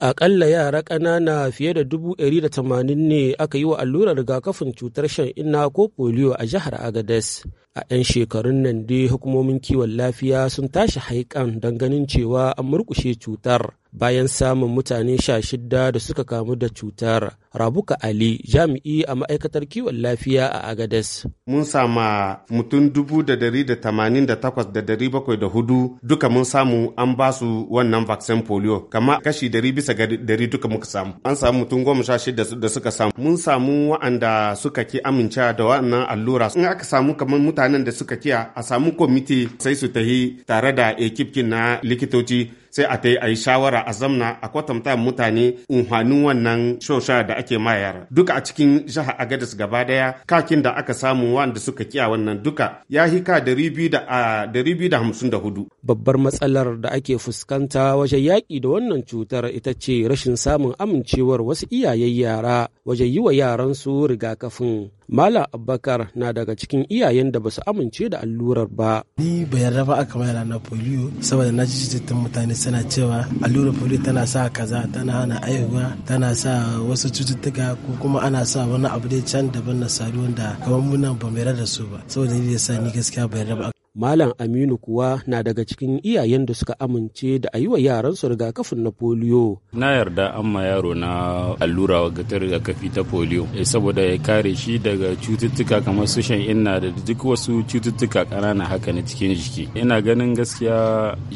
Aƙalla yara ƙanana fiye da dubu ɗari da tamanin ne aka yi wa allurar rigakafin cutar shan inna ko polio a jihar Agades. A 'yan shekarun nan dai hukumomin kiwon lafiya sun tashi haikan don ganin cewa an murƙushe cutar. bayan samun mutane sha shida da suka kamu da cutar rabuka ali jami'i a ma'aikatar kiwon lafiya a agades mun sama mutum dubu da dari da tamanin da takwas da dari bakwai da hudu duka mun samu an ba su wannan vaccine polio kama kashi dari bisa ga dari duka muka samu an samu mutum goma sha shida da suka samu mun samu wa'anda suka ki amince da wa'annan allura in aka samu kamar mutanen da suka kiya a samu kwamiti sai su tahi tare da ekipkin na likitoci sai a ta yi a yi shawara a zamna a kwatanta mutane unhanin wannan shosha da ake mayar yara duka a cikin jihar agadis gaba daya kakin da aka samu wanda suka kiya wannan duka ya hika dari biyu da hamsin da hudu babbar matsalar da ake fuskanta wajen yaƙi da wannan cutar ita ce rashin samun amincewar wasu iyayen yara wajen yi wa yaransu rigakafin Malam Abubakar na daga cikin iyayen da basu amince da allurar ba. Ni yarda ba aka mayar na polio saboda na ji jitattun mutane suna cewa allurar polio tana sa kaza tana hana aihuwa tana sa wasu cututtuka ko kuma ana sa wani abu da can daban na sadu da kamar munan ba mai da su ba saboda ni da sa ni gaskiya yarda ba. Malam Aminu kuwa na daga cikin iyayen da suka amince da a yi wa yaransu rigakafin na polio. Na yarda an ma yaro na allura wa gatar rigakafi ta polio, eh, saboda ya kare shi daga cututtuka kamar su shan inna da duk wasu cututtuka ƙanana haka na cikin jiki. Ina ganin gaskiya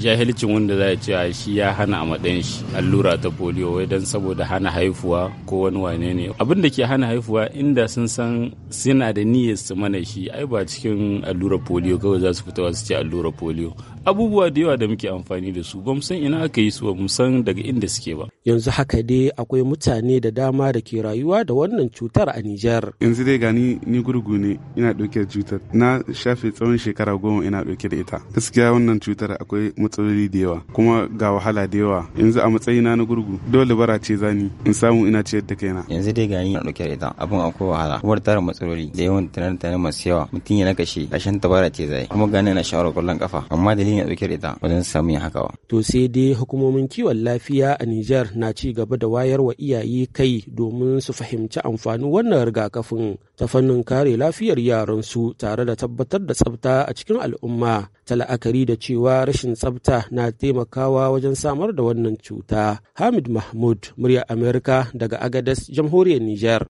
jahilcin wanda za a ce shi ya hana a maɗan shi allura ta polio wai don saboda hana haifuwa ko wani wane ne. Abin da ke hana haifuwa inda sun san suna da niyyar su mana shi ai ba cikin allurar polio kawai za su fitowa su ce allurar polio abubuwa da yawa da muke amfani da su ba san ina aka yi su ba san daga inda suke ba yanzu haka dai akwai mutane da dama da ke rayuwa da wannan cutar a Nijar yanzu dai gani ni gurgu ne ina dauke da cutar na shafe tsawon shekara goma ina dauke da ita gaskiya wannan cutar akwai matsaloli da yawa kuma ga wahala da yawa yanzu a matsayina na gurgu dole bara ce zani in samu ina ciyar da kaina yanzu dai gani ina dauke da ita abin akwai wahala kuma tara matsaloli da yawan tunanin masu yawa mutum ya kashe kashin tabara ce zai kuma gani na sha'awar kwallon kafa amma dalilin ya dauke da wajen samu hakawa. To sai dai hukumomin kiwon lafiya a Nijar na ci gaba da wayar wa iyaye kai domin su fahimci amfanin wannan rigakafin ta fannin kare lafiyar yaransu tare da tabbatar da tsafta a cikin al'umma ta la'akari da cewa rashin tsafta na taimakawa wajen samar da wannan cuta. Hamid Mahmud, murya Amerika daga Agadas, Jamhuriyar Nijar.